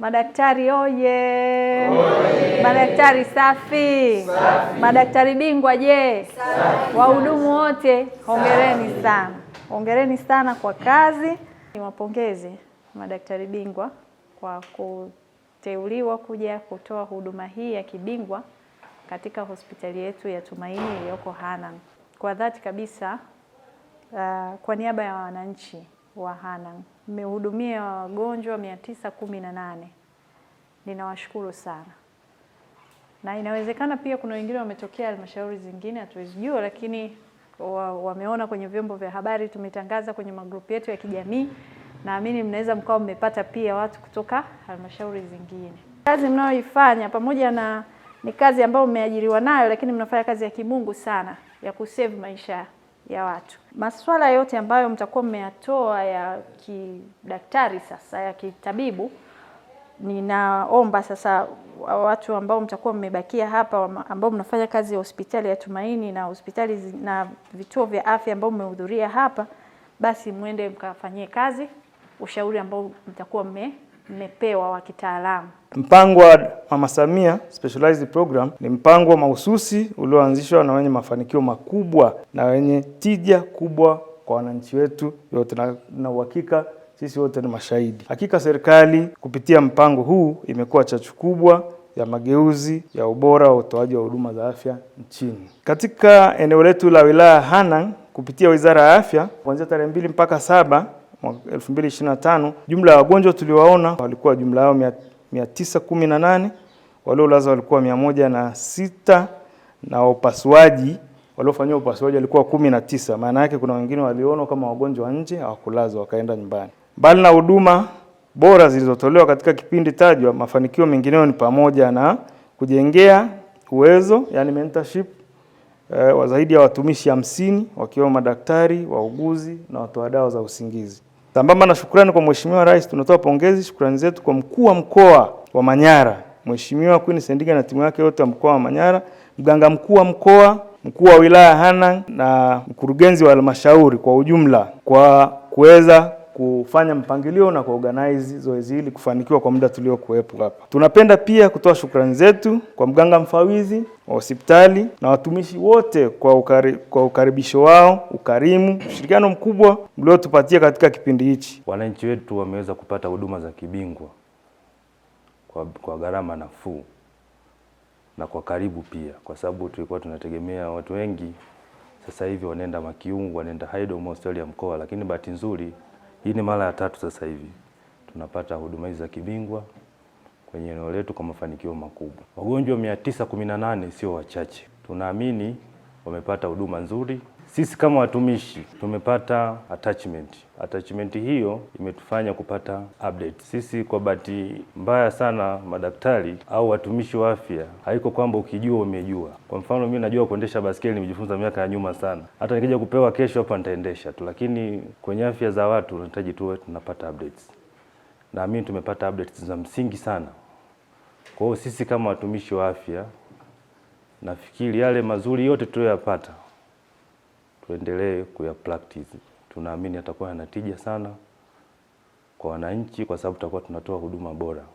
Madaktari oye! Oye! Madaktari safi, safi. Madaktari bingwa je? Wahudumu wote hongereni sana, hongereni sana kwa kazi. Niwapongeze madaktari bingwa kwa kuteuliwa kuja kutoa huduma hii ya kibingwa katika hospitali yetu ya Tumaini iliyoko Hanang'. Kwa dhati kabisa, uh, kwa niaba ya wananchi wa Hanang. Mmehudumia wagonjwa mia tisa kumi na nane. Ninawashukuru sana, na inawezekana pia kuna wengine wametokea halmashauri zingine hatuwezi lakini wameona kwenye vyombo vya habari, tumetangaza kwenye magrupu yetu ya kijamii. Naamini mnaweza mkao mmepata pia watu kutoka halmashauri zingine. Kazi mnayoifanya pamoja na ni kazi ambayo mmeajiriwa nayo, lakini mnafanya kazi ya kimungu sana ya kusave maisha ya watu. Masuala yote ambayo mtakuwa mmeyatoa ya kidaktari sasa ya kitabibu, ninaomba sasa watu ambao mtakuwa mmebakia hapa, ambao mnafanya kazi ya hospitali ya Tumaini na hospitali na vituo vya afya ambao mmehudhuria hapa, basi mwende mkafanyie kazi ushauri ambao mtakuwa mme mmepewa wa kitaalamu. Mpango wa Mama Samia Specialized Program ni mpango mahususi ulioanzishwa na wenye mafanikio makubwa na wenye tija kubwa kwa wananchi wetu na na uhakika sisi wote ni mashahidi. Hakika serikali kupitia mpango huu imekuwa chachu kubwa ya mageuzi ya ubora wa utoaji wa huduma za afya nchini. Katika eneo letu la wilaya Hanang' kupitia Wizara ya Afya kuanzia tarehe mbili mpaka saba mwaka 2025, jumla ya wagonjwa tuliwaona walikuwa jumla yao 918, waliolazwa walikuwa 106 na na upasuaji waliofanyiwa upasuaji walikuwa 19. Maana yake kuna wengine walionwa kama wagonjwa nje hawakulazwa wakaenda nyumbani. Mbali na huduma bora zilizotolewa katika kipindi tajwa, mafanikio mengineyo ni pamoja na kujengea uwezo yani mentorship eh, wa zaidi ya watumishi hamsini wakiwemo madaktari, wauguzi na watoa dawa za usingizi. Sambamba na shukrani kwa Mheshimiwa Rais, tunatoa pongezi shukrani zetu kwa mkuu wa mkoa wa Manyara Mheshimiwa Queen Sendiga na timu yake yote ya mkoa wa Manyara, mganga mkuu wa mkoa, mkuu wa wilaya Hanang' na mkurugenzi wa halmashauri kwa ujumla kwa kuweza kufanya mpangilio na kuorganize zoezi hili kufanikiwa kwa muda tuliokuwepo hapa. Tunapenda pia kutoa shukrani zetu kwa mganga mfawizi wa hospitali na watumishi wote kwa, ukari, kwa ukaribisho wao, ukarimu, ushirikiano mkubwa mliotupatia katika kipindi hichi. Wananchi wetu wameweza kupata huduma za kibingwa kwa, kwa gharama nafuu na kwa karibu pia, kwa sababu tulikuwa tunategemea watu wengi sasa hivi wanaenda Makiungu, wanaenda Haydom hospitali ya mkoa, lakini bahati nzuri hii ni mara ya tatu sasa hivi tunapata huduma hizi za kibingwa kwenye eneo letu kwa mafanikio makubwa. Wagonjwa 918 sio wachache, tunaamini wamepata huduma nzuri. Sisi kama watumishi tumepata attachment. Attachment hiyo imetufanya kupata update. Sisi kwa bahati mbaya sana, madaktari au watumishi wa afya, haiko kwamba ukijua umejua. Kwa mfano, mimi najua kuendesha baskeli, nimejifunza miaka ya nyuma sana. Hata nikija kupewa kesho hapa nitaendesha tu, lakini kwenye afya za watu tunahitaji tuwe tunapata updates. mimi tumepata updates za msingi sana. Kwa hiyo sisi kama watumishi wa afya, nafikiri yale mazuri yote tuliyoyapata tuendelee kuya practice. Tunaamini atakuwa yanatija tija sana kwa wananchi, kwa sababu tutakuwa tunatoa huduma bora.